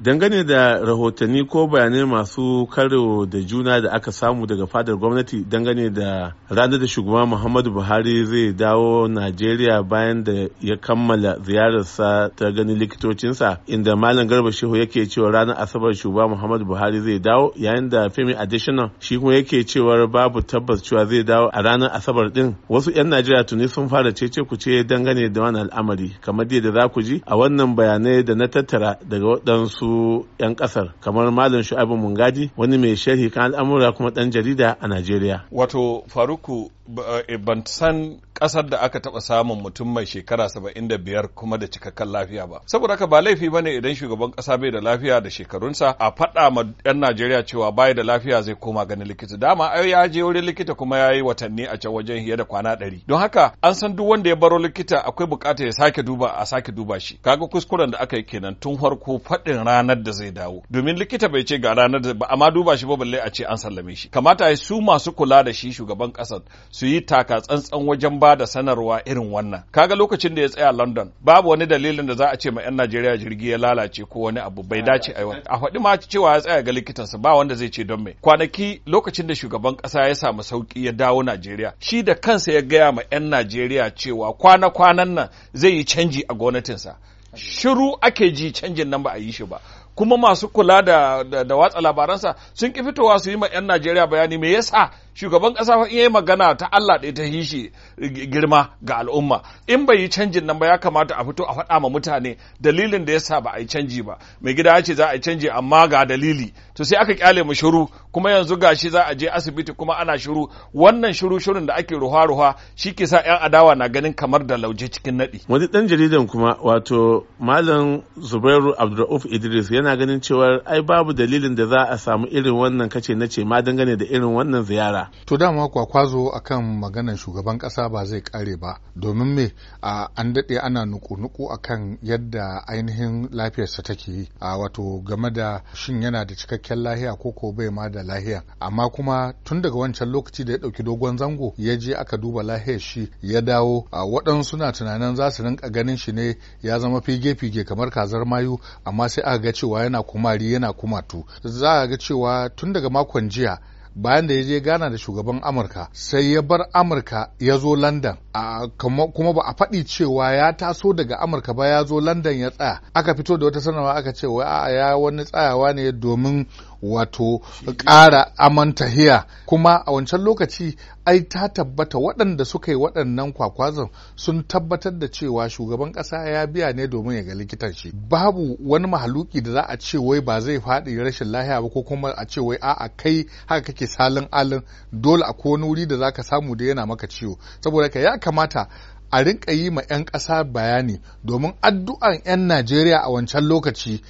dangane da rahotanni ko bayanai masu karo da juna da aka samu daga fadar gwamnati dangane da ranar da shugaban muhammadu buhari zai dawo najeriya bayan da ya kammala ziyararsa ta ganin likitocinsa inda malam garba shehu yake cewa ranar asabar shugaban muhammadu buhari zai dawo yayin da femi additional shi kuma yake cewa babu tabbas cewa zai dawo a ranar asabar din wasu 'yan najeriya tuni sun fara cece ku ce dangane da wani al'amari kamar da za ku ji a wannan bayanai da na tattara daga waɗansu 'yan kasar kamar malam shu'aibu mungadi wani mai sharhi kan al'amura kuma dan jarida a najeriya wato faruku eh, ban san kasar da aka taba samun mutum mai shekara saba'in da biyar kuma da cikakken lafiya ba. Saboda haka ba laifi ba ne idan shugaban kasa bai da lafiya da shekarunsa a faɗa ma 'yan Najeriya cewa bai da lafiya zai koma ganin likita. Dama ai ya je wurin likita kuma ya yi watanni a can wajen fiye da kwana ɗari. Don haka an san duk wanda ya baro likita akwai bukata ya sake duba a sake duba shi. Kaga kuskuren da aka yi kenan tun farko faɗin ranar da zai dawo. Domin likita bai ce ga ranar da ba amma duba shi ba balle a ce an sallame shi. Kamata su masu kula da shi shugaban kasar su yi taka tsantsan wajen ba ba da sanarwa irin wannan kaga lokacin da ya tsaya london babu wani dalilin da za a ce ma 'yan najeriya jirgi ya lalace ko wani abu bai dace a a faɗi ma cewa ya tsaya ga likitansa ba wanda zai ce don mai. kwanaki lokacin da shugaban ƙasa ya samu sauki ya dawo najeriya shi da kansa ya gaya ma 'yan najeriya cewa kwana-kwanan nan zai yi canji a gwamnatinsa shiru ake ji canjin nan ba a yi shi ba kuma masu kula da, da, watsa labaransa sun ki fitowa su yi ma 'yan Najeriya bayani me yasa shugaban ƙasa fa iya magana ta Allah ɗaya ta hishi girma ga al'umma in bai yi canjin nan ba ya kamata a fito a faɗa ma mutane dalilin da yasa ba a yi canji ba mai gida ya ce za a yi canji amma ga dalili to sai aka kyale mu shiru kuma yanzu gashi za a je asibiti kuma ana shiru wannan shiru shirun da ake ruwa ruwa shi ke sa 'yan adawa na ganin kamar da lauje cikin naɗi wani ɗan jaridan kuma wato malam zubairu abdulrauf idris yana ana ganin cewa ai babu dalilin da za a samu irin wannan kace na ce ma dangane da irin wannan ziyara. To dama kwakwazo akan maganar shugaban kasa ba zai kare ba domin me an daɗe ana nuku-nuku akan yadda ainihin lafiyarsa take a wato game da shin yana da cikakken lahiya ko ko bai ma da lahiya amma kuma tun daga wancan lokaci da ya ɗauki dogon zango ya je aka duba lahiyar shi ya dawo a waɗansu suna tunanin za su rinka ganin shi ne ya zama fige-fige kamar kazar mayu amma sai aka ga cewa cewa yana kumari yana kumatu za a ga cewa tun daga makon jiya bayan da ya je gana da shugaban amurka sai ya bar amurka ya zo london kuma ba a faɗi cewa ya taso daga amurka ba ya zo london ya tsaya aka fito da wata sanarwa aka ce wa ya wani tsayawa ne domin wato ƙara amantahiya kuma a wancan lokaci ai ta tabbata waɗanda suka yi waɗannan kwakwazon sun tabbatar da cewa shugaban ƙasa ya biya ne domin ya ga likitan shi babu wani mahaluki da za a ce wai ba zai faɗi rashin lahiya ba ko kuma a ce wai a'a kai haka kake salin alin dole a wani wuri da za ka samu da yana maka ciwo saboda ka ya kamata a rinka yi ma 'yan ƙasa bayani domin addu'an 'yan Najeriya a wancan lokaci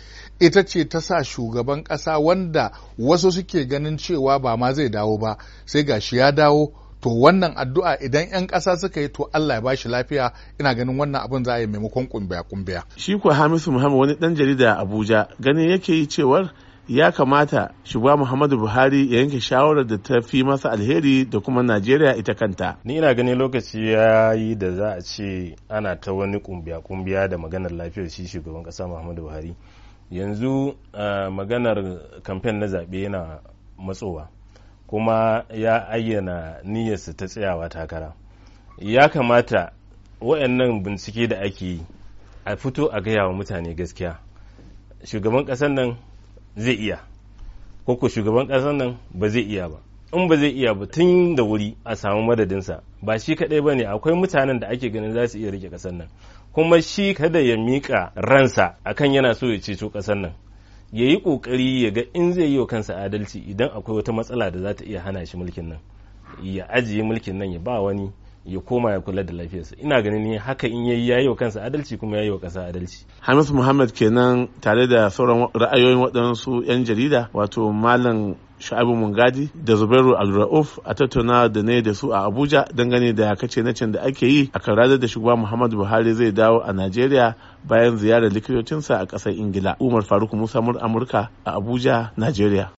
ita ce ta sa shugaban ƙasa wanda wasu suke ganin cewa ba ma zai dawo ba sai gashi ya dawo to wannan addu'a idan 'yan ƙasa suka yi to Allah ya bashi lafiya ina ganin wannan abin za a yi maimakon kumbiya kumbiya. Shi ko Hamisu Muhammad wani ɗan jarida Abuja ganin yake yi cewar ya kamata shugaba muhammadu buhari ya yanke shawarar da ta fi masa alheri da kuma najeriya ita kanta ni ina ganin lokaci ya yi da za a ce ana ta wani kumbiya-kumbiya da maganar lafiyar shi shugaban kasa muhammadu buhari yanzu maganar kamfen na zaɓe yana matsowa kuma ya ayyana niyyarsa ta tsayawa takara ya kamata waɗannan bincike da ake yi a fito a gaya wa mutane gaskiya shugaban ƙasar nan zai iya ko ko shugaban ƙasar nan ba zai iya ba in ba zai iya ba tun da wuri a samu madadinsa ba shi kaɗai ba ne akwai mutanen da ake ganin za su iya rike ƙasar nan kuma shi kada ya miƙa ransa akan yana so ya ceto ƙasar nan ya yi ƙoƙari ya ga in zai yi wa kansa adalci idan akwai wata matsala da za ta iya hana shi mulkin nan ya ajiye mulkin nan ya ba wani ya koma ya kula da lafiyarsa ina ganin ne haka in yayi yayi wa kansa adalci kuma yayi wa kasa adalci Hamisu Muhammad kenan tare da sauran ra'ayoyin waɗansu 'yan jarida wato malam sha'abu mungadi da zubairu al-ra'uf a tattauna da ne da su a abuja dangane da kace na can da ake yi a kan ranar da shugaba muhammadu buhari zai dawo a najeriya bayan ziyarar likitocinsa a ƙasar ingila umar faruk musa amurka a abuja najeriya